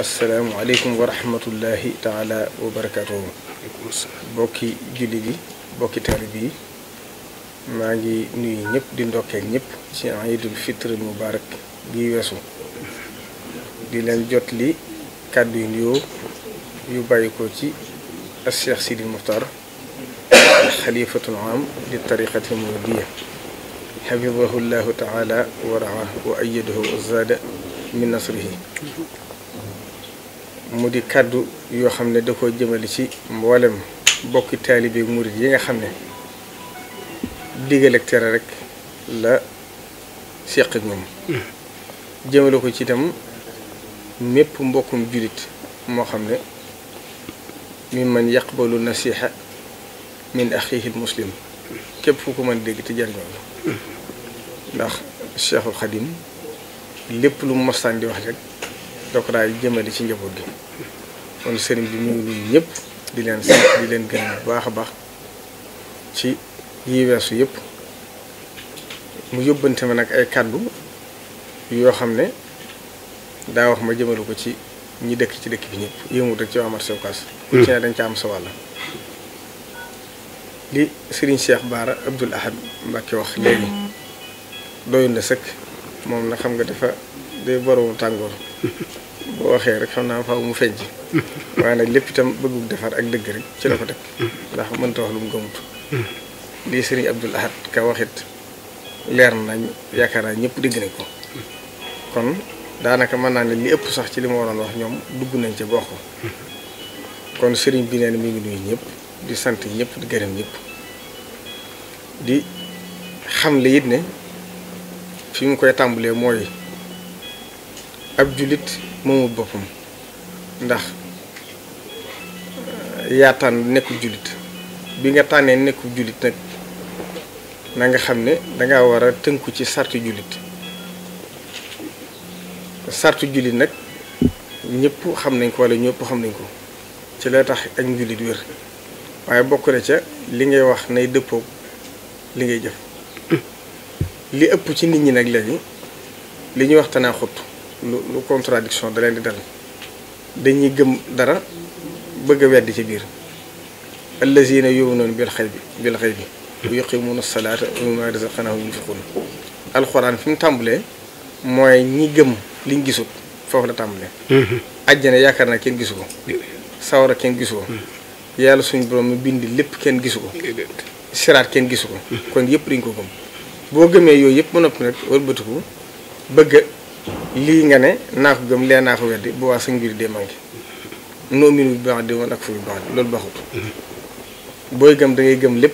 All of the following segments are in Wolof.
asalaamualeykum wa rahmatullahi taala wa barakaatuhu bokki julli gi bokki taalibe yi maa ngi nuyu ñëpp di ndokkee ñépp ci iidul fitr mubaarak gi weesu di leen jot li kàddu yu nuyoo yu bàyyi ko ci as Cheikh Sidi Muxtaar xalifatul am di tariqati muridiyya xafidahu llahu taala wa raa wa ayadahu wa zaada nasrihi mu di kàddu yoo xam ne da koo jëmale ci mboolem bokki taalibe murit yi nga xam ne digal ak tere rek la seq ak ñoom jëmale ko ci itam mépp mbokkum jullit moo xam ne min man yaqbalu nasiha min axiihil muslim képp fu ko mën dégg te jariñoo la ndax Cheikhul Xadim lépp lu mu mostaan di wax rek da ko daal jëmale ci njaboot gi kon sëriñ bi mu ngi nuyu ñëpp di leen sant di leen gën bu baax a baax ci yi weesu yëpp mu yóbbante ma nag ay kàddu yoo xam ne daa wax ma jëmale ko ci ñi dëkk ci dëkk bi ñëpp yëngu rek ci waa marché Ocass ku ci ne dañ ca am sa wàll li sëriñ Cheikh Baara Abdoul Ahad Mbacke wax léegi doyul na sëkk moom na xam nga dafa day borowu tàngoor boo waxee rek xam naa faw mu feeñ ci waaye nag lépp itam bëggug defar ak dëgg rek ci la ko teg ndax mënta wax lu mu gëmut lii sëriñ Abdul Ahad ka waxit leer nañ yaakaar naa ñëpp dégg nañ ko kon daanaka mën naa ne li ëpp sax ci li ma waroon wax ñoom dugg nañ ci bokk kon sëriñ bi nee na mi ngi nuyu ñëpp di sant ñëpp di gërëm ñëpp di xam le it ne fi mu koy tàmbalee mooy ab jullit moomul boppam ndax euh, yaa tànn nekkul jullit bi nga tànnee nekkul jullit nag na nga xam ne danga war a tënku ci sartu jullit sartu jullit nag ñëpp xam nañ ko wala ñëpp xam nañ ko ci la tax ak njullit wér waaye bokk na ca li ngay wax nay dëppoo li ngay jëf mm. li ëpp ci nit ñi nag léegi li ñuy wax tanaa xut lu lu contradiction da leen di dal dañuy gëm dara bëgg a ci biir allazina yuminuuna bil xaybi bil xaybi wa yuqimuuna salaata wa alxuraan fi mu tàmbalee mooy ñi gëm liñ gisut foofu la tàmbalee ajjana mm-hmm. yaakaar naa kenn gisu ko sawara kenn gisu ko mm-hmm. yàlla suñu borom bind lépp kenn gisu ko siraat kenn gisu ko mm-hmm. kon yëpp dañ ko gëm boo gëmee yooyu yëpp ba nag wëlbatiku bëgg lii nga ne naa ko gëm lee naa ko weddi bu waa sa ngir dee manqué noo miin baax di woon ak fu bu baax di loolu baaxut booy gëm dangay gëm lépp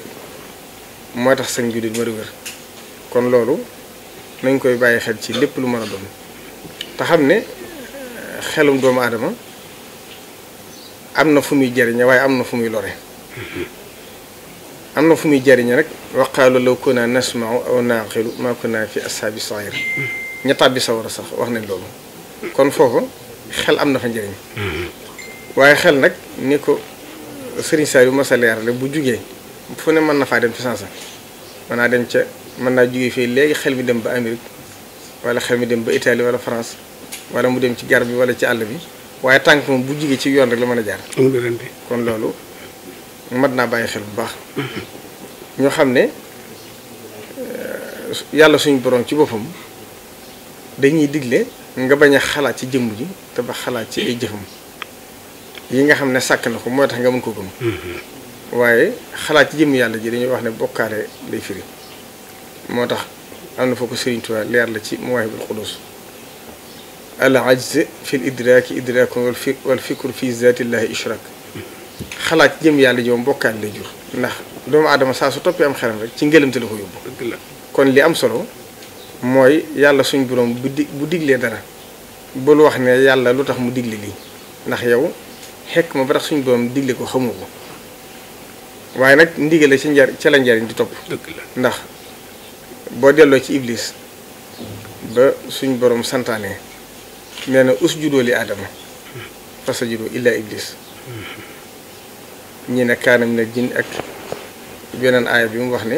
moo tax sa ngir di wër kon loolu nañ koy bàyyi xel ci lépp lu mën a doon te xam ne eh, xelum doomu aadama am na fu muy jariñe waaye am na fu muy lore am na fu muy jariñe rek waqaalu law kunna nasma'u aw naaqilu maa kunna fi ashaabi sa'iir ña tàbbi a sax wax nañ loolu kon foofu xel am na fa njëriñ waaye xel nag ni ko sëriñ saa yu ma sa leerale bu jugee fu ne mën na faa dem ci sansa mën naa dem ca mën naa jugee fii léegi xel mi dem ba Amérique wala xel mi dem ba Italie wala France wala mu dem ci garab bi wala ci àll bi waaye tànk moom bu jugee ci yoon rek la mën a jaar kon loolu mat naa bàyyi xel bu baax mm-hmm. ñoo xam ne euh, yàlla suñu borom ci boppam dañuy digle nga bañ a xalaat ci jëmm ji te ba xalaat ci ay jëfam yi nga xam ne sàkk na ko moo tax nga mën ko gëm. Mm-hmm. waaye xalaat ci jëmm yàlla ji dañuy wax ne bokkaale lay firi moo tax am na foo ko Sëriñ leer la ci Mawaahibul Quddus al ajz fi l idraaki idraakun wal fikru fi zaatillahi ishraak xalaat jëm yàlla ji moom bokkaale lay jur ndax doomu aadama saa su toppee am xelam rek ci ngëlamte la ko yóbbu kon li am solo mooy yàlla suñ borom bu di bu diglee dara bul wax ne yàlla lu tax mu digle lii ndax yow xekk ma ba tax suñ borom digle ko xamu ko waaye nag ndigale ci njar ca la njariñ di topp ndax boo delloo ci iblis ba suñ borom santaane nee na us judoo li aadama fasa judoo illaa iblis mm-hmm. ñi ne kaanam na jin ak beneen aaya bi mu wax ne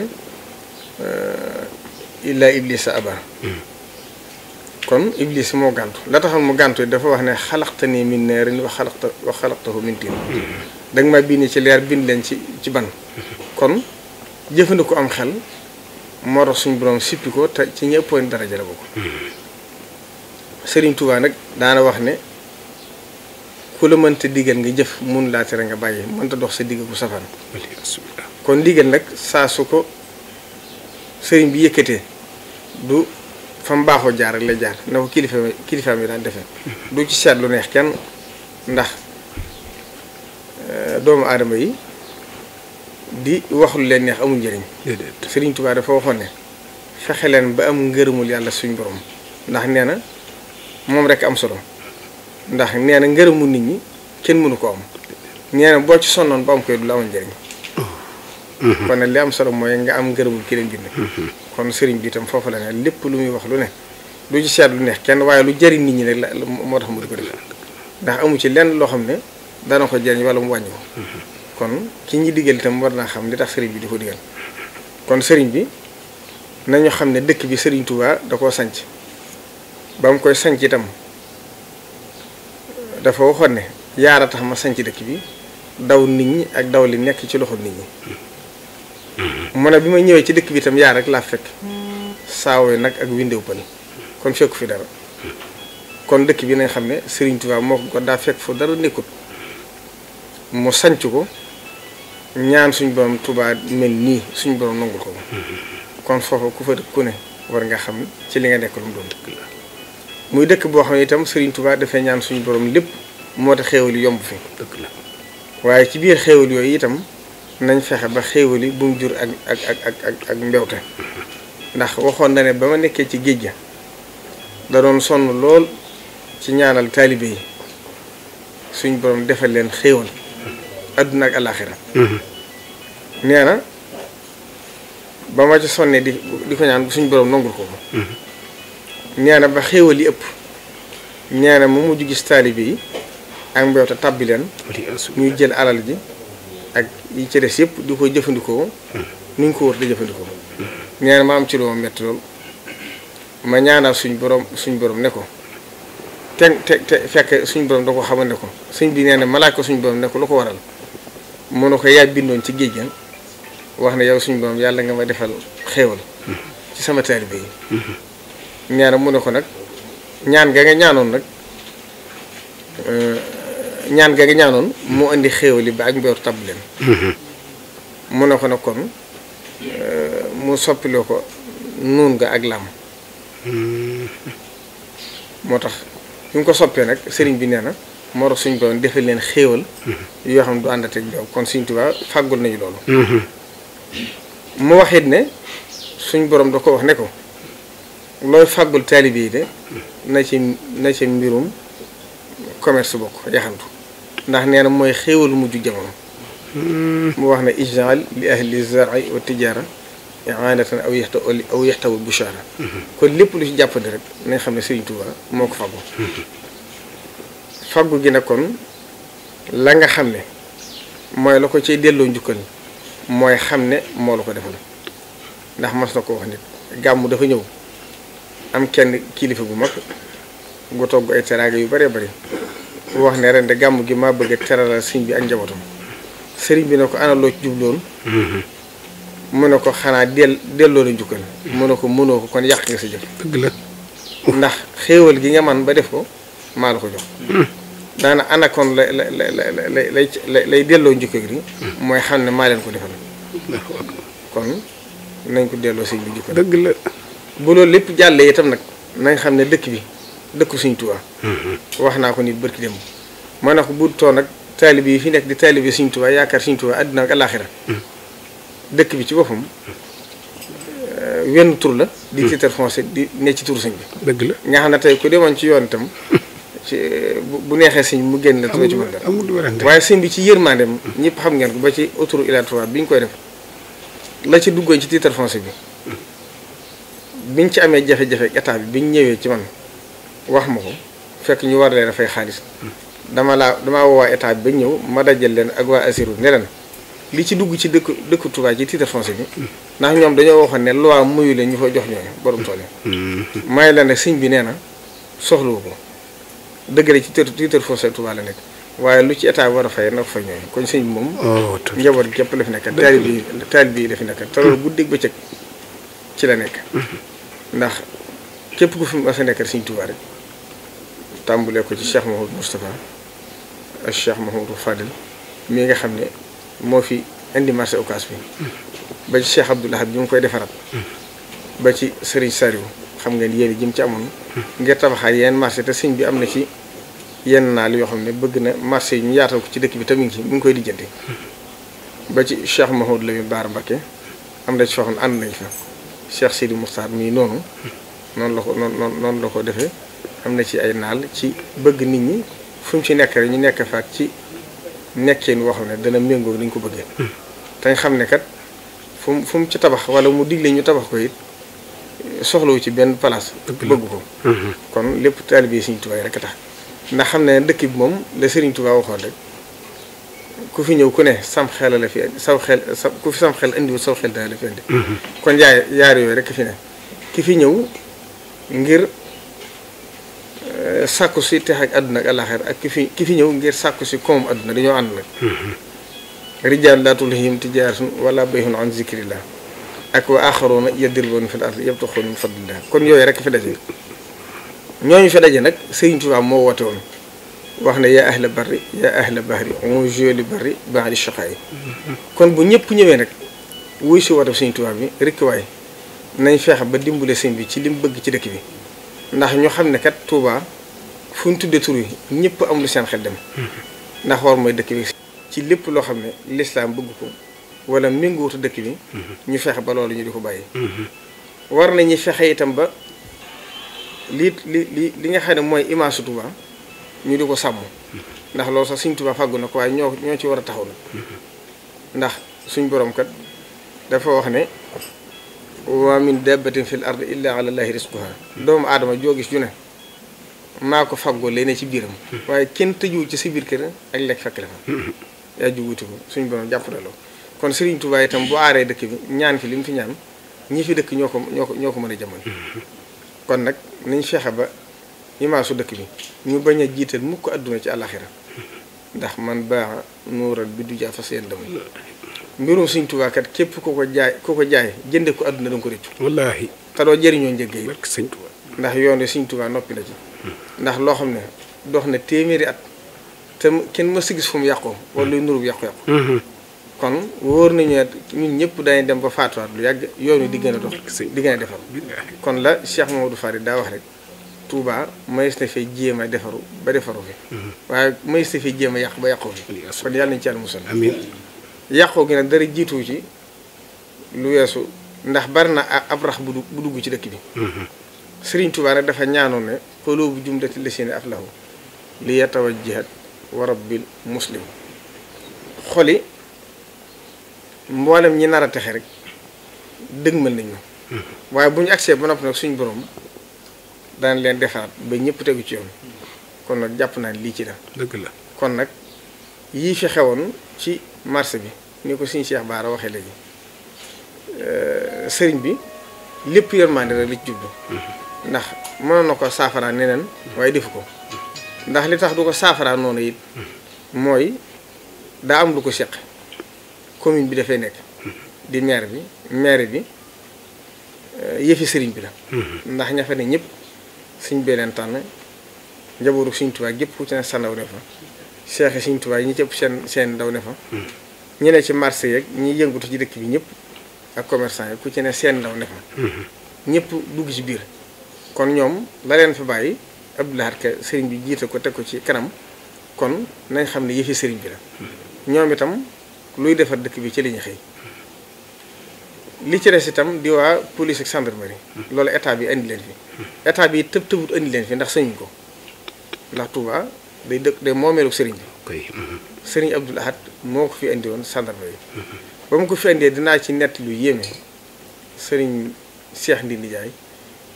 illaa sa abar kon iblis moo gàntu la taxam mu gàntu dafa wax ne xalaqta nii min naarin wa xalaqta wa xalaqtahu min tiin da nga ma bind ci leer bind leen ci ci ban kon jëfandiku am xel moo suñ suñu sippi ko te ci ñëppoon daraja la ko Sëriñ Tuubaa nag daana wax ne ku la mënta digal nga jëf mun laa tere nga bàyyi mënta dox sa digg bu safaan kon digal nag saa su ko sëriñ bi yëkkatee du fa mu baaxoo jaar rek la jaar na ko kilifa kilifa bi daan defee mm-hmm. du ci seet lu neex kenn ndax euh, doomu adama yi di waxul leen neex amul njëriñ. déedéet sëriñ foo dafa waxoon ne fexe leen ba am ngërëmul yàlla suñ borom ndax nee na moom rek am solo ndax nee na ngërëmu nit ñi kenn mënu ko am nee boo ci sonoon ba am koy du la amul njëriñ. kon nag li am solo mooy nga am ngërëmul ki leen bind kon sëriñ bi itam foofu la ne lépp lu muy wax lu ne lu ci seet lu neex kenn waaye lu jëriñ nit ñi rek la moo tax mu di ko def ndax amu ci lenn loo xam ne dana ko jëriñ wala mu kon ki ñi digal itam war naa xam li tax sëriñ bi di ko digal kon sëriñ bi nañu xam ne dëkk bi sëriñ tubaa da koo sanc ba mu koy sanc itam dafa waxoon ne yaara tax ma sanc dëkk bi daw nit ñi ak daw li nekk ci loxo nit ñi mu bi ma ñëwee ci dëkk bi itam yaa rek laa fekk saawo yi nag ak windew pël kon fekku fi dara kon dëkk bi nañ xam ne sëriñ Touba moo ko daa fekk fu dara nekkut mu sanc ko ñaan suñ borom tubaab mel nii suñ borom nangul ko kon foofu ku fa ku ne war nga xam ci li nga nekk lu mu doon muy dëkk boo xam ne itam sëriñ Touba dafay ñaan suñu borom lépp moo tax xéewal yi yomb fi waaye ci biir xéewal yooyu itam nañ fexe ba xéewali bu mu jur ak ak ak ak mbewte ndax waxoon na ne ba ma nekkee ci géej ga da doon sonn lool ci ñaanal taalibe yi suñ boroom defe leen xéewal àdduna ak alaaxira mm-hmm. nee na ba ma ci sonnee di di ko ñaan suñ borom nangul ko ko mm-hmm. ba xéewal yi ëpp nee na mu mujj gis taalibe yi ak mbewte tàbbi leen ñuy jël alal ji yi ci des yëpp du ko jëfandikoo nu ñu ko war di jëfandikoo ñaan ma am ci loolu metti lool ma ñaanal suñ borom suñ boroom ne ko te te te fekk suñ borom da ko xamal ne ko suñ bi nee na ma laaj ko suñ borom ne ko lu ko waral mën ne ko yaa bindoon ci géej gan wax ne yow suñ borom yàlla nga ma defal xéewal ci sama taalibe yi ñaan mu ne ko nag ñaan ga nga ñaanoon nag euh, ñaan gaa ngi ñaanoon mu indi xéewali bi ak mbeeru tabb leen mhm. mu ne ko nag kon euh, mu soppiloo ko nuun nga ak lam mhm. moo tax bi mu ko soppee nag sëriñ bi nee na moo tax suñ borom defal leen xéewal mhm. yoo xam ne du àndateeg jaww kon suñ tubaab fàggul nañu loolu mu waxit ne suñ boroom da ko wax ne ko looy fàggul taalibe yi de na ci na ci mbirum commerce bokk yaxantu ndax nee na mooy xéewalu mujj jamono hmm. mu wax na ijal li ahli zari wa tijara ianatan aw yaxta aw yaxtawu bushara hmm. kon lépp lu ci jàppandi rek nañ xam ne Sëriñ Tuuba moo ko faggu faggu gi nag kon la nga xam ne mooy la ko cay delloo njukkal mooy xam ne moo la ko defal ndax mas na ko wax nit gàmm dafa ñëw am kenn kilifa gu mag gu togg ay teraanga yu bare bari wax ne ren de gàmm gi maa bëgg a teralal sëñ bi ak njabootam sëriñ bi ne ko ana loo ci jubloon mhm. mu ne ko xanaa del delloo la mu ne ko mënoo ko kon yàq nga sa jëf dëgg la gi nga man ba def ko maa ko jox mhm. daana anakoon la la la la lay delloo njukkal gi mooy xam ne maa leen ko defal kon nañ ko delloo sëñ bi njukkal dëgg la bu loolu lépp jàllee itam nag nañ xam ne dëkk bi dëkku Sëñ Tuubaa mm-hmm. wax naa ko nit barki dem ma ne ko bu toon nag taalib yi fi nekk di taalib yi Sëñ Tuubaa yaakaar Sëñ Tuubaa àddina ak alaaxira mm-hmm. dëkk bi ci boppam mm-hmm. wenn tour la di titre foncier di ne ci turu bi dëgg la nga xam ne tey ku ci yoon itam ci bu neexee sëñ mu génn la turo ci mën dara waaye sëñ bi ci yërmandeem ñëpp xam ngeen ko ba ci autoroute Ila Touba bi ñu koy def la ci duggoon ci titre foncier bi biñ ci amee jafe-jafe état bi biñ ñëwee ci man wax ma ko fekk ñu war leen dafay xaalis dama laa dama woo waa état bi ba ñëw ma dajal leen ak waa Assirou ne leen li ci dugg ci dëkk dëkk Touba ci titre foncier bi ndax ñoom dañoo waxoon ne loi muyu leen ñu fa jox ñooy borom tool yi mm-hmm. may leen ne siñ bi nee na soxlawu ko dëgg la ci titre foncier Touba la nekk waaye lu ci état war a fay na fa ñooñu kon siñ bi moom oh, njaboot gi képp la fi nekk taalib yi taalib yi la fi nekk te loolu guddeeg bëccëg ci la nekk mm-hmm. ndax képp ku fi ma sa nekkal sëñ Touba tàmbulee ko ci Cheikh Mouhamadou Moustapha ak Cheikh Mouhamadou Fadil mi nga xam ne moo fi indi marché Ocass bi mm-hmm. ba ci Cheikh Abdoul Ahad bi mu koy defaraat mm-hmm. ba ci Serigne Sariou xam ngeen yéen jëm ci amoon mm-hmm. ngir tabaxaay yenn marché te sëñ bi am na ci yenn naal yoo xam ne bëgg na marché yi ñu yaatal ko ci dëkk bi tamit mu ngi koy lijjanti ba ci Cheikh Mouhamadou Lamine Bara Mbacké am na ci foo xam ne ànd nañ fa Cheikh Sidi Moustapha mii noonu noonu la ko noonu noonu la am na ci ay naal ci bëgg nit ñi fu ci nekk rek ñu nekk faat ci nekkeen woo xam ne dana méngoo ni ko bëggee. Hmm. tañ xam ne kat fu mu ci tabax wala mu digle ñu tabax ko it soxlawu ci benn place. bëgg ko. Hmm. kon lépp taalibe Sëriñ Tuubaa rek tax ndax xam ne dëkk bi moom la Sëriñ Tuubaa waxoon rek ku fi ñëw ku ne sam xel la fi saw xel sa ku fi sam xel indiwul saw xel daal la fi indi. Hmm. kon yaay yaar yooyu rek fi ne ki fi ñëw ngir. sàkku si tex ak àdduna ak àlaxir ak ki fi ki fi ñëw ngir sàkku si koom àdduna dañoo ànd nag mm-hmm. rijaal laa tulhihim tijaratun wala bayhun an zikrillah ak wa axaruuna yadribuuna fil ardi yabtaxuuna min fadlillah kon yooyu rek fi daje ñooñu fi daje nag Sëriñ Tuubaa moo woote woon wax ne yaa ahla barri yaa ahla bahri on joli barri ba'di shaqaa'i mm-hmm. kon bu ñëpp ñëwee nag wuy si woote Sëriñ Tuubaa bi rek waay nañ feex ba dimbale sëñ bi ci li mu bëgg ci dëkk bi ndax ñu xam ne kat Tuubaa fu ñu tuddee tur yi ñëpp am lu seen xel dem. ndax war mooy dëkk bi. ci lépp loo xam ne lislaam bëgg ko wala méngoowutu dëkk bi. Mhm. ñu fexe ba loolu ñu di ko bàyyi. Mhm. war nañu fexe itam ba li lii li nga xam ne mooy image Touba ñu di ko sàmm. Mhm. ndax lool sax suñ Touba fàggu na ko waaye ñoo ñoo ci war a taxaw na ndax suñ boroom kat dafa wax ne. wa min dabbatin fil ardi illa ala llahi doomu aadama joo gis ju ne. maa ko faggoo lay ne ci biiram waaye kenn tëjuwu ci si biir kër ak lekk fekk la fa yaa ji wuti ko suñu borom jàppaloo kon Serigne Touba itam bu aaree dëkk bi ñaan fi ñaan ñi fi dëkk ñoo ko ñoo ñoo ko mën a jamono kon nag nañ fexe ba imaasu dëkk bi ñu bañ a jiital mukk àdduna ci àlaxira ndax man baax nuural bi du jaa fa seen dama mbirum Serigne Touba kat képp ku ko jaay ku ko jaay jënde ko àdduna da nga ko rëccu wallaahi te doo jëriñoo njëgg yi ndax yoon wi Serigne Touba noppi na ci ndax loo xam ne dox na téeméeri at te kenn mës a gis fu mu yàqoo wala luy nurub yàqu-yàqu mm-hmm. kon wóor nañu ne ñun ñëpp dañuy dem ba faatuwaat lu yàgg yoon wi di gën a dox di gën a kon la Cheikh Mamadou Fari daa wax rek Touba mayes na fee jéem a defaru ba defaru fi mm-hmm. waaye mayes na fee jéem a yàq ba yàqoo fi kon yàlla nañu ci yàlla musal amiin yàqoo gi nag dara jiituwu ci lu weesu ndax bari na ab rax bu dugg ci dëkk bi mm-hmm. Serigne Touba nag dafa ñaanoon ne xuluubu jumlati lasina aflahu li yatawajjahat wa bi muslim xoli mboolem ñi nar a texe rek dëgmal nañu mm-hmm. waaye bu ñu agsee ba noppi nag suñu borom daan leen defaraat ba ñëpp tegu ci yoon kon nag jàpp naa lii ci la dëgg la kon nag yii fi xewoon ci marché bi ni ko suñu Cheikh Baara waxee léegi euh, sëriñ bi lépp yërmande rek la ci mm-hmm. ndax mënoon na ko saafara neneen waaye defu ko ndax li tax du ko saafaraa noonu it mooy daa am lu ko seq commune bi dafay nekk di maire bi maire bi euh, yëfi sëriñ bi la ndax ña fa ne ñëpp suñ bee leen tànn njabootu suñ tubaay gépp ku ci ne sa ndaw ne fa seexi suñ tubaay ñi ci ëpp seen seen ndaw ne ñu ne ci marché yeeg ñi yëngutu ci dëkk bi ñëpp ak commerçant yi ku ci ne seen ndaw ne fa ñëpp dugg ci biir kon ñoom la leen fi bàyyi Abdou Lahad sëriñ bi jiite ko teg ko ci kanam kon nañ xam ne yëfi sëriñ bi la ñoom itam luy defar dëkk bi ci li ñu xëy li ci des itam di waa police ak gendarmerie loolu état bi indi leen fi état bi tëb tëbut indi leen fi ndax sëñuñ ko ndax Touba day dëkk day moomeelu sëriñ bi mhm. sëriñ Abdou Lahad moo ko fi indi woon gendarmerie mhm. ba mu ko fi indee dinaa ci nett lu yéeme sëriñ Cheikh ndi nijaay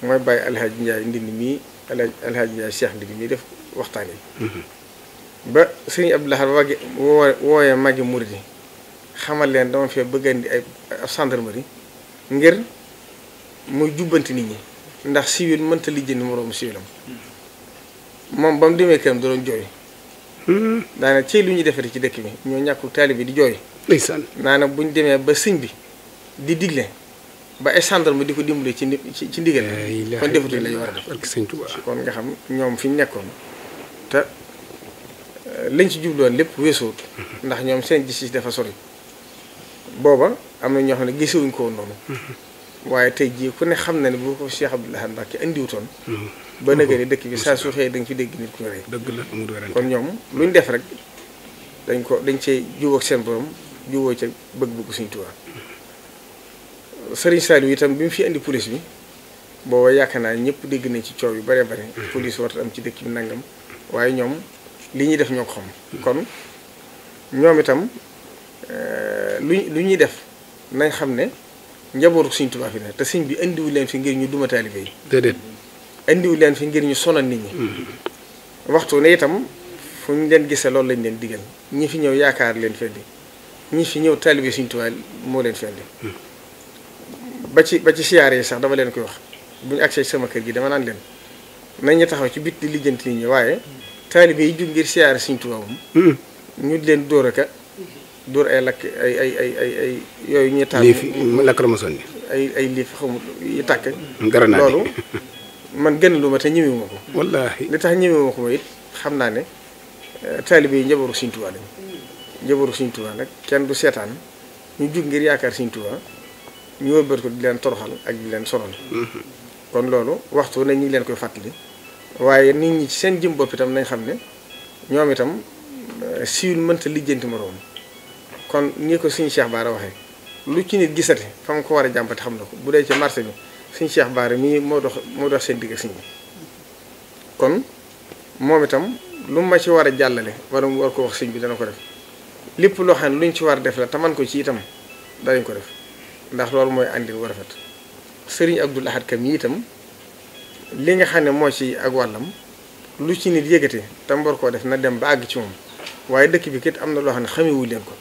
mooy bàyyi alxaaji Njaay ndindi mii alxaaji Njaay Cheikh ndindi mii def waxtaan yi mm-hmm. ba sëñ ab Lahad wagge woo woowee magi murid xamal leen dama fee bëgg ay gendarmerie ngir muy jubbanti nit ñi ndax civil mënta lijjanti moroomu civilam mm-hmm. moom ba mu demee këram da doon jooy mm-hmm. daana ci lu ñuy defati ci dëkk bi ñoo ñàkkul taali bi di jooy ndeysaan naana bu ñu demee ba sëñ bi di digle ba ay ma di ko dimbali ci ci ci ndigal kon defatuñ la ñu war a def kon nga xam ñoom fi ñu nekkoon te eh, lañ ci jubloon lépp weesuwut mhm. ndax ñoom seen gis-gis dafa sori booba am na ñoo xam ne gisewuñ ko woon noonu mhm. waaye tey jii ku ne xam na ne bu ko Cheikh Abdoul Ahad Mbacké indiwutoon mhm. ba nëgë ni dëkk bi saa su xëyee da dégg nit ku ne rey dëgg la amul werante ñoom lu ñu def rek dañ ko dañ cee jubóog seen borom jubóo ca bëgg-bëgg suñu Tuubaa Serigne Saliou itam bi mu fi indi police bi booba yaakaar naa ñëpp dégg nañ ci coow yu bëree bëri. Mm-hmm. police warta am ci dëkk bi nangam waaye ñoom li ñuy def ñoo ko xam. Mm-hmm. kon ñoom itam euh, lu lu ñuy def nañ xam ne njabootu Sëriñ Tuubaa te sëñ bi indiwu leen fi ngir ñu duma taalibe yi. déedéet indiwu leen fi ngir ñu sonal nit ñi. Mm-hmm. waxtu ne itam fu ñu leen gisee loolu lañ leen digal ñi fi ñëw yaakaar leen feddi ñi fi ñëw taalibe Sëriñ Tuubaa moo leen feddi ba ci ba ci siyaare yi sax dama leen koy wax bu ñu agsee sama kër gi dama naan leen nañ ñu taxaw ci bit di lijjanti nit ñi waaye taalibe yi jug ngir siyaare Sëriñ Tuubaa hmm. ñu leen dóor aka ay lakk ay ay ay ay ay yooyu ñuy taal liif lacrymogène ay ay liif xamu yi tàkk loolu man gën ma te ñëmewu ma tax ñëmewu xam naa ne eh, taalibe yi njaboru Sëriñ Tuubaa lañ njaboru Sëriñ Tuubaa kenn du seetaan ñu jug ngir yaakaar Sëriñ Tuubaa ñu wëlbat ko di leen toroxal ak di leen sonal. kon loolu waxtu ne ñu leen koy fàttali waaye nit ñi seen jëm bopp itam nañ xam ne ñoom itam eh, siiwul mënta lijjanti moroom kon ñi ko suñu Cheikh Baara waxee lu ci nit gisate fa ko war a jàmpati xam na ko bu dee ci marché bi suñu Cheikh Baara mii moo dox moo dox seen digg siñ suñu kon moom itam lu ma ci war a jàllale wala mu war ko wax sëñ bi dana ko def lépp loo xam ne luñ ci war a def la te man ko ci itam danañ ko def. ndax loolu mooy indi wu rafet sëriñ Abdul Ahad Kam yi itam li nga xam ne moo ci ak wàllam lu ci nit yëgate te koo def na dem ba àgg ci moom waaye dëkk bi kat am na loo xam ne xamewuñ leen ko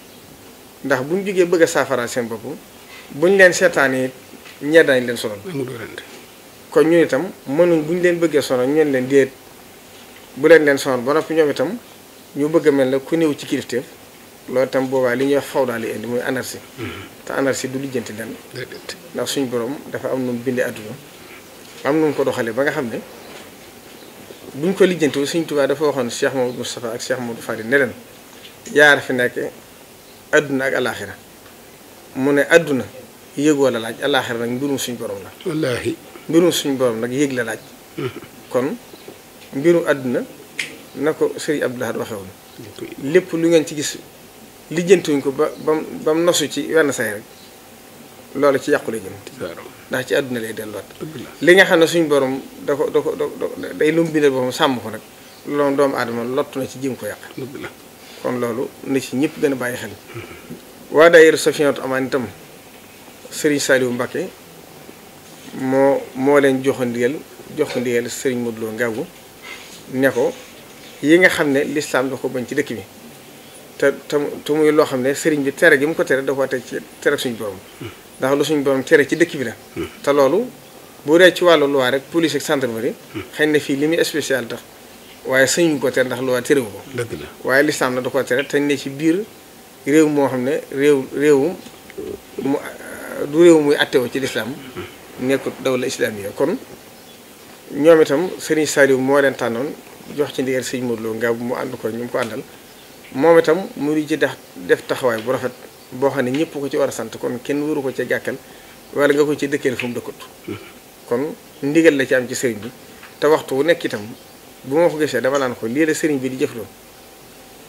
ndax bu ñu jógee bëgg a saafaraal seen bopp buñ leen seetaanee ñee daañ leen sonal. kon ñun itam mënuñ bu ñu leen bëggee sonal ñeen leen déet bu leen leen sonal ba noppi ñoom itam ñu bëgg mel ne ku néew ci kilifteef. loolu itam boobaa li ñuy wax fawdaa li indi muy anarsi mm-hmm. te anarsi du lijjanti lenn ndax suñ borom dafa am nu mu bindee àdduna am nu mu ko doxalee ba nga xam ne buñ ko lijjantiwul suñ Tuubaa dafa waxoon Cheikh Mamadou Moustapha ak seex Mamadou du ne leen yaar fi nekk àdduna ak alaaxira mu ne àdduna yëgoo la laaj alaaxira nag mbirum suñ boroom la wallaahi suñ borom nag yéeg la laaj mm-hmm. kon mbirum àdduna na ko Sëriñ Abdou Lahad lépp lu ngeen ci gis lijjantuñ ko ba bam ba mu nosu ci wenn say rek loolu ci yàqu la jëm ndax ci àdduna lay delluwaat li nga xam ne suñ boroom da ko da ko da day lum bindal boppam sàmm ko nag loolu doomu aadama lottu na ci jëm ko yàq kon loolu na ci ñëpp gën a bàyyi xel waa daayira Safinatoul Amane itam sëriñ Saliou Mbacké moo moo leen joxo ndigal jox ko ndigal sëriñ Modou Lo Ngaabu ne ko yi nga xam ne lislaam da ko bañ ci dëkk bi te te mu loo xam ne sëriñ bi tere gi mu ko tere da koo ci tere suñu borom ndax lu suñu borom tere ci dëkk bi la te loolu bu dee ci wàllu loi rek police ak gendarmerie xëy na fii li muy spécial tax waaye sëñuñ ko tere ndax loi terewu ko waaye lislaam na da koo tere te ne ci biir réew moo xam ne réew réewum mu du muy attewoo ci lislaam nekkul dawla islaamiya kon ñoom itam sëriñ Saliou moo leen tànnoon jox ci ndigal sëñ Modou Lo nga mu ànd ko ñu mu ko àndal moom itam mu ngi ci dex def taxawaay bu rafet boo xam ne ñëpp ko ci war a sant kon kenn waru ko ci gàkkal wala nga ko ci dëkkeel fu mu dëkkut kon ndigal la ci am ci sëriñ bi te waxtu wu nekk itam bu ma ko gisee dama naan ko lii la sëriñ bi di jëf jëfloo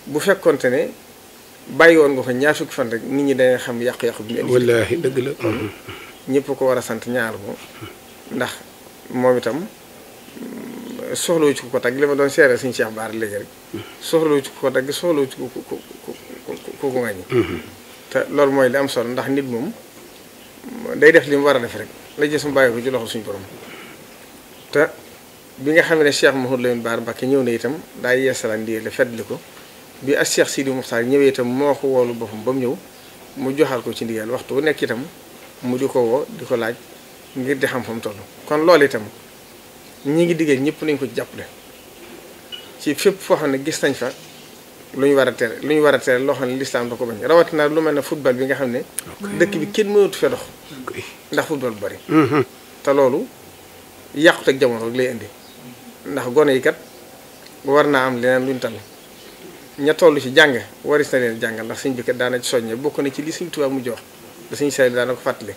bu fekkonte ne bàyyi woon nga ko ñaar fukki fan rek nit ñi dañuy xam yàqu-yàqu bi mu wallaahi dëgg la hmm. ñëpp ko war a sant ñaar ko ndax moom itam soxlawu ci ko tag li ma doon seere suñu Cheikh Bara léegi soxlawu ci ko dagg soxlawu ci ko ku ku ku ku wàññi mhm. te loolu mooy li am solo ndax nit moom day def li mu war a def rek la jës mu bàyyi ko ci loxo suñu borom te bi nga xam ne Cheikh Mouhamadou Lamine Bara Mbacké ñëw na itam daa yeesalaat ndiir la fàttali ko bi ak Cheikh Sidi Moukhtar ñëwee itam moo ko woolu boppam ba mu ñëw mu joxal ko ci ndigal waxtu bu nekk itam mu di ko woo di ko laaj ngir di xam fa mu toll kon loolu itam ñi ngi digal ñëpp nañ ko jàppale. ci fépp foo xam ne gis nañ fa lu ñu war a tere lu ñu war a tere loo xam ne lislaam da ko bañ rawatina lu mel ne futbal bi nga xam ne. dëkk bi kenn mënatu fee dox. ndax football bu bari. Mhm. te loolu yàqut ak jamono rek indi ndax gone yi kat war naa am leneen luñ tal ña toll ci jàng waris na leen jàngal ndax suñ bi kat daana ci soññe bokk na ci li suñ tubaab mu jox suñ say daana ko fàttali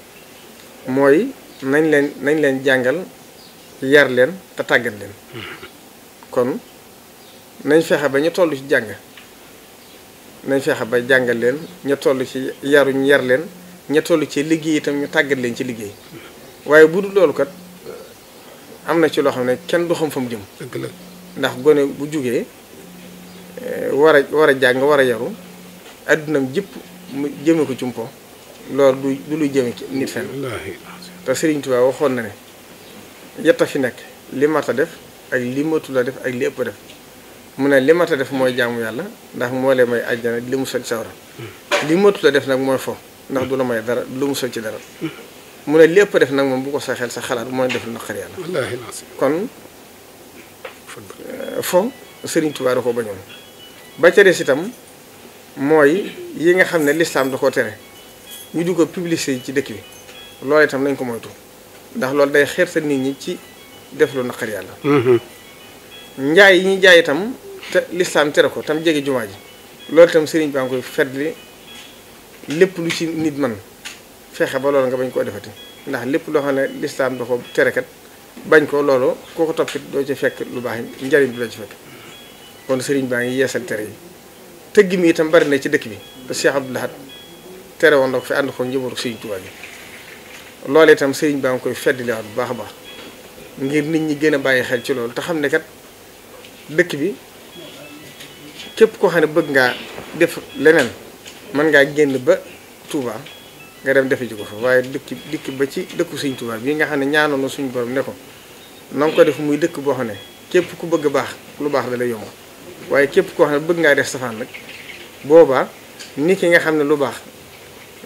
mooy nañ leen nañ leen jàngal yar leen te tàggat leen mhm. kon. nañ fexe ba ñu toll ci jàng nañ fexe ba jàngal leen ñu tollu ci yaruñ yar leen ñu toll ci liggéey itam ñu tàggat leen ci liggéey waaye bu dul loolu kat am na ci loo xam ne kenn du xam fa mu jëm. ndax gone bu jugee eh, war a war a jàng war a yaru addunam jëpp mu jëme ko ci mpo loolu du du luy jëme nit fenn te Sëriñ waxoon na ne yetta fi nekk li mat a def ak li matul def ak li ëpp def. mu ne li mat a def mooy jaamu yàlla ndax moo lay may àjjana li mu sol ci sawra li def nag mooy fo ndax du la may dara lu mu sol ci dara mu ne lépp def nag moom bu ko sa xel sa xalaat mooy def naqar yàlla kon euh, fo Sëriñ Tuubaa da ko bañoon ba ca des itam mooy yi nga xam ne lislaam da koo tere ñu di ko publicité ci dëkk bi lool itam nañ ko moytu ndax loolu day xeerta nit ñi ci def lu naqar yàlla mm-hmm. njaay yi ñuy jaay itam te lislaam tere ko tam jege jumaa ji loolu itam sëriñ baa ngi koy fedli lépp lu ci nit man fexe ba loolu nga bañ koo defati ndax loo xam ne lislaam da ko terekat bañ ko loolu koo ko toppit ci fekk lu baax njariñ bi doo ci fekk kon sëriñ baa ngi yeesal tere yi itam bari na ci dëkk bi te Cheikh Abdou Lahad tere woon na ko fi ànd ko njëbootu sëriñ Tuubaa loolu itam sëriñ baa ngi koy feddliwaat bu baax a baax ngir nit ñi gën a bàyyi xel ci loolu te xam ne kat dëkk bi képp koo xam ne bëgg ngaa def leneen mën ngaa génn ba Touba nga dem defe ji ko fa waaye dëkk dikk ba ci dëkku sëñ Touba bii nga xam ne ñaanoon suñu borom ne ko na ko def muy dëkk boo xam ne képp ku bëgg baax lu baax da lay yomb waaye képp koo xam ne bëgg ngaa def safaan nag boobaa nit ki nga xam ne lu baax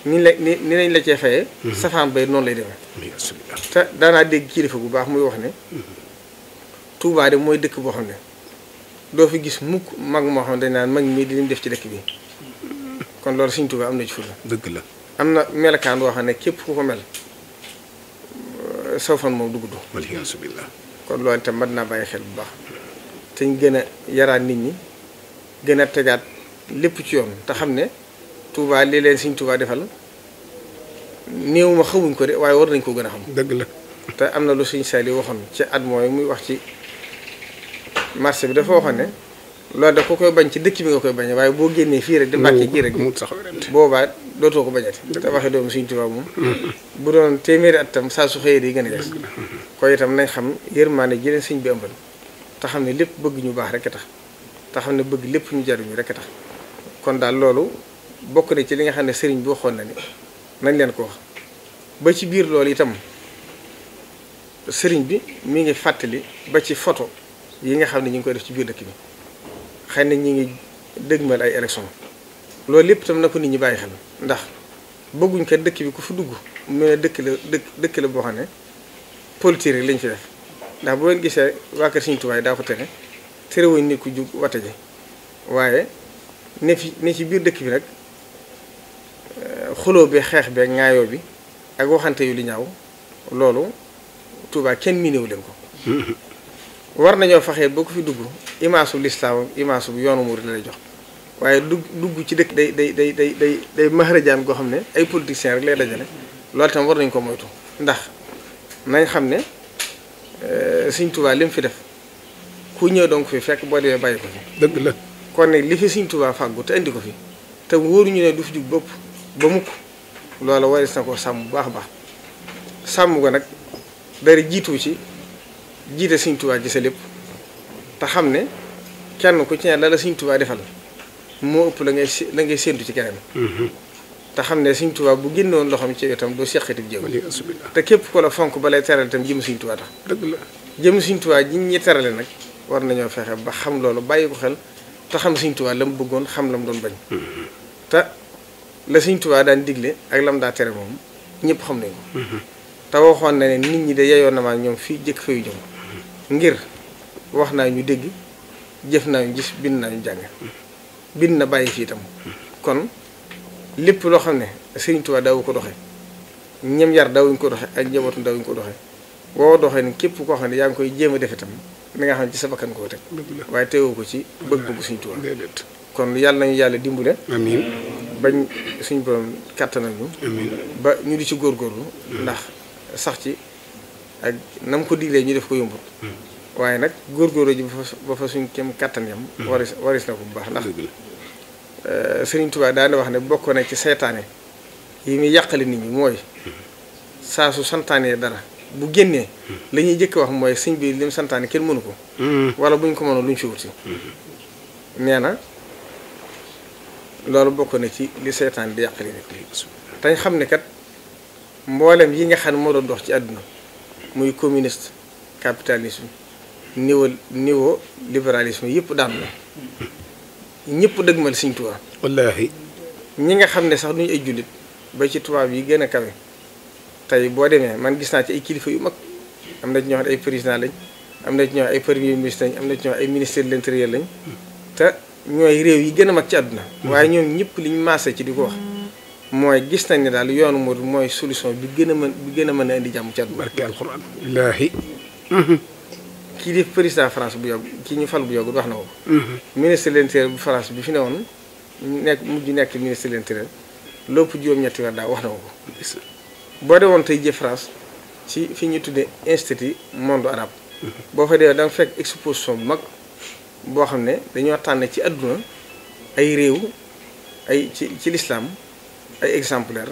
ni la ni ni la cee fayee. Mhm. safaan bay noonu lay demee. te daanaa dégg kilifa bu baax muy wax ne. Mhm. Touba de mooy dëkk boo xam ne. doo fi gis mukk mag moo xam ne dañ naan mag mii dinañ def ci dëkk bi kon loolu Sëriñ Tuubaa am na ci fulla dëgg la am na melokaan woo xam ne ku ko mel saw fan du gudd. alhamdulilah kon loolu itam mat naa bàyyi xel bu baax te ñu gën a yaraat nit ñi gën a tegaat lépp ci yoon te xam ne Tuubaa lii leen Sëriñ Tuubaa defal néew ma xamuñ ko de waaye war nañ koo gën a xam. dëgg la te am na lu Sëriñ Saliou waxoon ci at mooy muy wax ci. marché bi dafa waxoon ne loolu da ko koy bañ ci dëkk bi nga koy bañ waaye boo génnee fii rek di mbàkke gii rek boobaa dootoo ko bañati te waxe doomu suñu tubaab moom bu doon téeméeri at saa su xëyee day gën a des koy itam nañ xam yërmaane ji leen sëñ bi ëmbal te xam ne lépp bëgg ñu baax rek tax te xam ne bëgg lépp ñu jariñu rek a tax kon daal loolu bokk na ci li nga xam ne sëriñ bi waxoon na ni nañ leen ko wax ba ci biir loolu itam sëriñ bi mi ngi fàttali ba ci photo yi nga xam ne ñu ngi koy def ci biir dëkk bi xëy na ñu ngi dëgmal ay élection loolu lépp tam na ko nit ñi bàyyi xel ndax bëgguñ ko dëkk bi ku fi dugg mu ne dëkk la dëkk dëkk la boo xam ne politique yi lañ fi def ndax boo leen gisee waa kër Sëriñ Tuubaa daa ko tere terewuñ nit ku jug wate ji waaye ne fi ne ci biir dëkk bi nag eh, xuloo bi xeex bi ak ŋaayoo bi ak waxante yu li ñaaw loolu Tuubaa kenn miinewu leen ko war nañoo faxee boo ko fi dugg imaasu lislaam imaasu bu yoonu murid lay jox waaye dug dugg ci dëkk day day day day day day maharajaan goo xam ne ay politiciens rek lay dajale loolu tam war nañ ko moytu ndax nañ xam ne euh, Sëñ Tuubaa li mu fi def ku ñëw donc fi fekk boo demee bàyyi ko fi. dëgg la kon nag li fi Sëñ Tuubaa fàggu te indi ko fi te wóoruñu ne du fi jug bopp ba mukk loola waris na ko sàmm bu baax a baax sàmm ko nag dara jiitu ci. jiite Sëñ Tuubaa ci sa lépp te xam ne kenn ku ci ne la la Sëñ Tuubaa defal moo ëpp la ngay la ngay séentu ci keneen. Mm-hmm. te xam ne Sëñ Tuubaa bu génnoon loxoom ci itam doo seqati jéem. te képp ko la fonk ba lay teral itam jëm Sëñ Tuubaa jëm Sëñ Tuubaa ji ñi terale nag war nañoo fexe ba xam loolu bàyyi ko xel te xam Sëñ Tuubaa la mu bëggoon xam la mu doon bañ. Mm-hmm. te la Sëñ Tuubaa daan digle ak la mu daa tere moom ñëpp xam nañu ko. Mm-hmm. te waxoon ne nit ñi de yeyoon na ma ñoom fii ngir wax naa ñu dégg jëf naa ñu gis bind naa ñu jàng bind na bàyyi fi itam kon lépp loo xam ne Sëriñ Tuubaa daw ko doxe ñem yar daawuñu ko doxe ak njabootu daawuñu ko doxe boo doxee ni képp koo xam ne yaa ngi koy jéem a def itam mi nga xam ne ci sa bakkan koo teg waaye teewoo ko ci bëgg-bëgg Sëriñ Tuubaa kon yàlla nañu yàlla dimbale bañ suñ borom kàttan nañu ba ñu di ci góorgóorlu mm. ndax sax ci ak na ko diglee ñu def ko yombut hmm. waaye nag góor ji ba fa suñ kem kàttan yam hmm. waris waris na ko bu baax ndax eh, Sëriñ Tuubaa daana wax ne bokk na ci seytaane yi muy yàqale nit ñi mooy hmm. saa su santaanee dara bu génnee la ñuy jëkk wax mooy sëñ bi lim santaane kenn mënu ko wala buñ ko mënoon luñ ci wut si nee na loolu bokk na ci li seetaan di yàqale nit tañ xam ne kat mboolem yi nga xam ne moo doon dox ci àdduna muy communiste capitalisme néo néo libéralisme yëpp daan na ñëpp ma Sëñ Tuubaa wallaahi ñi nga xam ne sax duñu ay jullit ba ci tubaab yi gën a kawe tey boo demee man gis naa ci ay kilifa yu mag am na ci ñoo xam ne ay président lañ am na ci ay premier ministre lañ am na ci ñoo ay ministère de l'intérieur lañ te ñooy réew yi gën a mag ci àdduna mm-hmm. waaye ñoom ñëpp liñ maase ci di ko wax mooy gis nañ ne daal yoonu murid mooy solution bi gën a mën bi gën a mën a indi jàmm ci at barke alxuraan mhm. kii di président France bu yàgg kii ñu fal bu yàggul wax na ko. Mhm. ministre de France bi fi ne woon nekk mujj nekk ministre de l'intérieur lépp ñetti weer daal wax na ko. boo demoon tey jii ci fi ñuy tuddee institut monde arabe. Mhm. boo fa da fekk exposition bu mag boo xam ne dañoo tànn ci àdduna ay réew ay ci ci lislaam ay exemplaire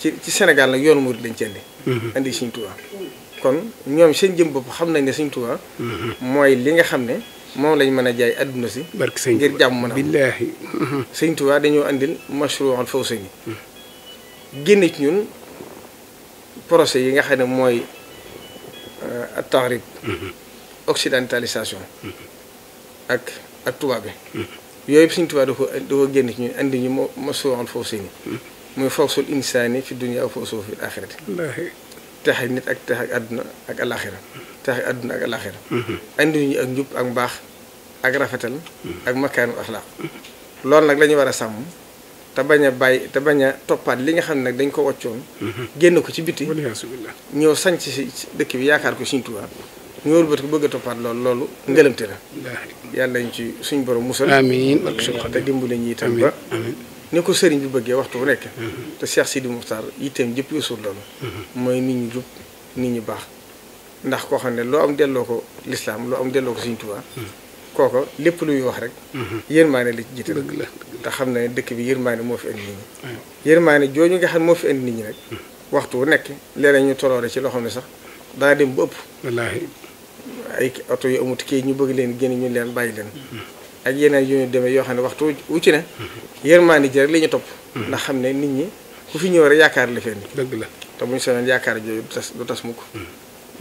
ci ci Sénégal nag yoonu murid lañ ci indi. Mhm. indi Sëñ kon ñoom seen jëm bopp xam nañ ne Sëñ Tuubaa mhm. mooy li nga xam ne moom lañ mën a jaay àdduna si. ngir jàmm mën a billaahi mhm. Sëñ Tuubaa dañoo andil mashruuxal fawsayni génn ci ñun procès yi nga xam ne mooy euh, at-tahrib occidentalisation ak ak tubaab bi yooyu yëpp Sëriñ Tuubaa da ko da ko génn ci ñun moo ma sowoon foofu si nii. Hmm. muy fawsul insaani fi dunya fawsu fi axirati. tax nit ak tax ak ak alaxira tax ak àdduna ak alaxira hmm. andi hmm. ñu ak njub ak mbaax ak rafetal. ak makaanu axlaaq loolu nag la war a sàmm te bañ a bàyyi te bañ a toppaat li nga xam ne nag dañ ko wàccoon. génn ko ci biti. ñëw sanc si dëkk bi yaakaar ko Sëriñ Tuubaa. ñu wëlbati ko bëgg a toppaat loolu loolu ngëlëmte la yàlla ñu ci suñ borom musal amiin te dimbali ñi itam ba ni ko sëriñ bi bëggee waxtu wu nekk mhm. te si Cheikh Sidi Muxtaar yitteem jëpp yu suur loolu mhm. mooy nit ñu jub nit ñu baax ndax koo xam ne loo am delloo ko lislaam loo am delloo ko Sëriñ Tuubaa mhm. kooko lépp luy wax rek yërmaane la ci la te xam ne dëkk bi yërmaane moo fi indi nit ñi yërmaane jooju nga xam moo fi indi nit ñi rek waxtu wu nekk léeg-léeg ñu toloore ci loo xam sax daa dem bu ay oto yu amut kii ñu bëgg leen génn ñu leen bàyyi leen ak yeneen yu demee yoo xam ne waxtu wu ci ne yërmaani ji rek li ñu topp ndax xam ne nit ñi ku fi ñëw rek yaakaar la feen dëgg la te bu ñu sonoon yaakaar jooyu du tas du tas mukk hmm.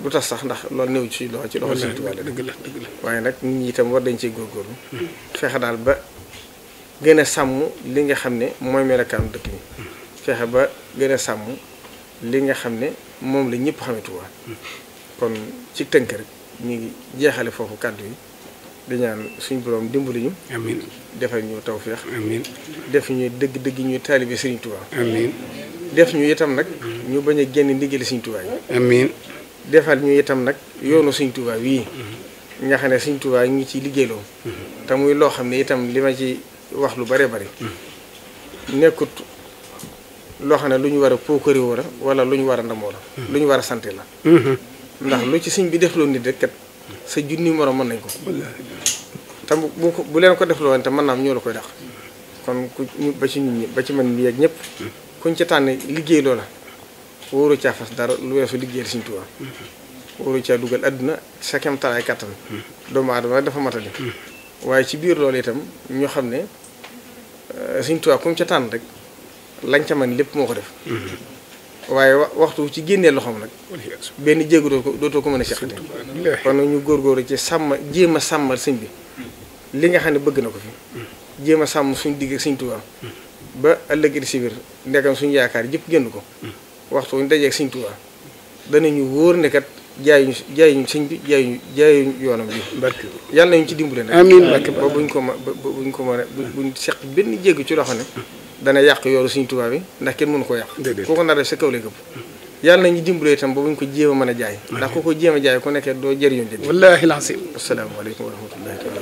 du tas sax ndax loolu néew ci loxo ci loxo Sëriñ Tuubaa la dëgg la dëgg waaye nag nit ñi itam war dañ ciy góorgóorlu hmm. fexe daal ba gën a sàmm li nga xam ne mooy melokaanu dëkk hmm. fexe ba gën a sàmm li nga xam ne moom la ñëpp xame Tuubaa kon ci tënk ñu ngi jeexale foofu kàddu yi di ñaan suñu borom dimbali ñu. amiin defal ñu tawféex. amiin def ñu dëgg dëgg ñu taalibe Serigne Touba. amiin def ñu itam nag. ñu bañ a génn ndigali Serigne Touba yi. defal ñu itam nag yoonu Serigne Touba wii. nga xam ne Serigne ñu ngi ciy liggéeyloo. te muy loo xam ne itam li ma ci wax lu bare bare. nekkut loo xam ne lu ñu war a pokkarewoo la wala lu ñu war a ndamoo la. lu ñu war a sante la. ndax lu ci sëñ bi def defloo nit rek kat sa junni moroom mën nañ ko te bu bu leen ko defloo woon te mën naa am ñoo la koy dax kon ku ba ci ba ci man mi yeeg ñëpp kuñ ca tànn liggéey loola wóoru caa fas dara lu weesu liggéeyal sëñ Tuubaa wóoru caa dugal àdduna sa kem talaay kàttan doomu aadama dafa matali waaye ci biir loolu itam ñoo xam ne sëñ Tuubaa ku ca tànn rek lañ ca man lépp moo ko def waaye waxtu ci génnee loxoom nag benn jéego dootoo ko dootoo ko mën a seqati kon nag ñu góorgóorlu ci sàmm jéem a sàmmal sëñ bi li nga xam ne bëgg na ko fi jéem a sàmm suñ digg ak suñ Tuubaa ba ëllëg si biir ndegam suñu yaakaar yëpp génn ko waxtu wu ñu dajeeg suñ Tuubaa danañu wóor ne kat jaayuñu jaayuñu sëñ bi jaayuñu jaayuñu yoonam bi yàlla nañu ci dimbale nag amiin ba buñ ko ma buñ ko mën a seq benn jéego ci loxo ne dana yàq yoonu suñu tubaab yi ndax kenn mënu ko yàq ku ko nar def sa kaw lay gëpp yàlla ñu dimbalee tam ba buñ ko jéem a mën a jaay ndax ku ko jéem a jaay ku nekkee doo jëriñu dëgg wallaahi lancé asalaamaaleykum wa rahmatullahi taala